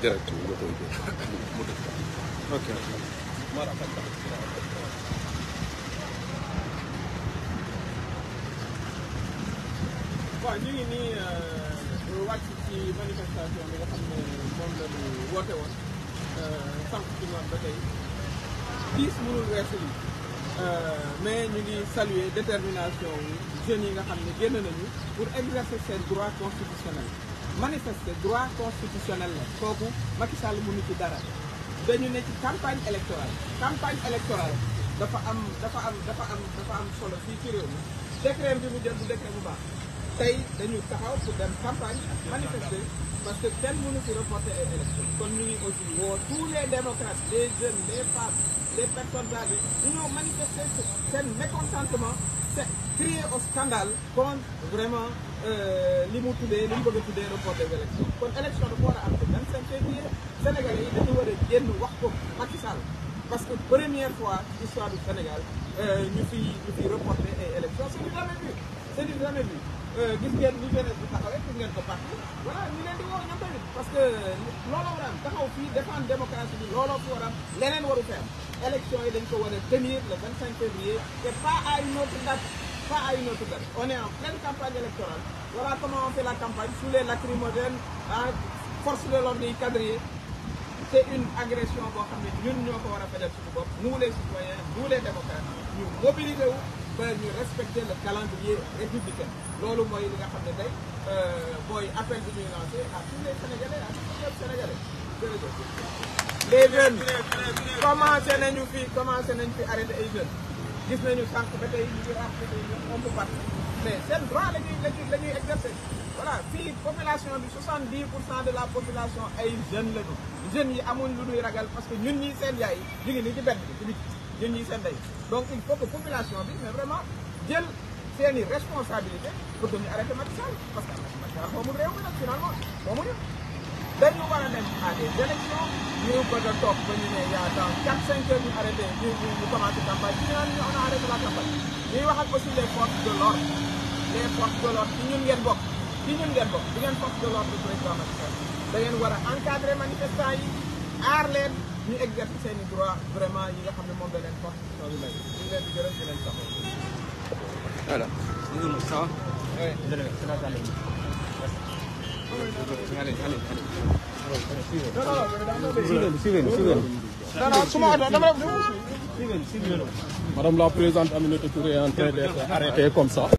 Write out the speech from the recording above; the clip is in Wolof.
direct bi nga koy jël mu dëkk ok waaw ñu ngi nii euh, wàcc ci manifestation bi nga xam ne moom la woote woon euh, sànq ci ngoon ba tey diis mënul weesu lii euh, mais ñu ngi saluer détermination wu jeunes yi nga xam ne génn nañu pour exercer seen droit constitutionnel manifester droit constitutionnel la kooku Macky Sall mënu ci dara dañu ne ci campagne électorale campagne électorale dafa am dafa am dafa am dafa am solo fii ci réew mi décret bi mu jël du décret bu baax tey dañu taxaw pour dem campagne manifester parce que kenn mënu ci reporter les élections kon ñu ngi aussi woo tous les démocrates les jeunes les femmes les personnes âgées ñu ñoo manifester seen mécontentement c'est crier au scandale contre vraiment Euh, li mu tuddee li mu bëgg a tuddee report des élections kon élection dafa war am ci 25 février sénégalais yi dañu war a wax ko Macky parce que première fois ci histoire du Sénégal euh, ñu fi ñu fi reporter ay élections c'est du jamais vu du jamais vu euh, gis ngeen ñu jeunesse bi taxawee gis ngeen ko parti voilà ñu leen di woo ñoom tamit parce que looloo war a am taxaw fii défendre démocratie bi looloo fi war am leneen waru fee am yi dañ ko war a tenir le 25 février pas à une autre date. On est en pleine campagne électorale. Voilà comment on fait campagne, sous les lacrymogènes, à force de l'ordre yi quadrillé. C'est une agression boo xam ne ñun ñoo ko war a fajal suñu bopp nous les citoyens nous ñu mobiliser wu ñu respecter le calendrier républicain loolu mooy li nga xam ne tey euh, mooy appel bi ñuy lancé à tous les sénégalais à commencé nañu fi commencé nañu fi arrêté ay jeunes. gis nañu sànq ba tey ñu ngi rafetlu ñoom moom bu baax mais seen droit la ñuy la ñuy la ñuy exercer voilà fii bi pour cent de la population ay jeunes la ñu. yi amuñ lu ñuy ragal parce que ñun ñi seen yaay yi ñu ngi nii ci benn bi ci ñun ñii seen day donc il faut que population bi mais vraiment jël seen i responsabilité pour que ñu arrêté Macky parce que Macky Sall moomul réew mi nag finalement moomuñu. dañu war a dem à a toog ba ñu ne y' a dans 4 5 heures ñu arrêté la campagne ñuy wax ak aussi les forces de l'ordre les forces de l'ordre ci ñun ngeen bokk ci ñun ngeen bokk di ngeen force de l'ordre du président Macky Sall da ngeen war a encadrer manifestants yi aar leen ñu exercer seen i droit vraiment yi nga xam ne moom la leen force ñu ngi leen di gërëm di leen saxo voilà ça va. suivez-le suivez-le suivez-le. non non su ma oto dama Madame la Présidente Aminata Touré est comme ça.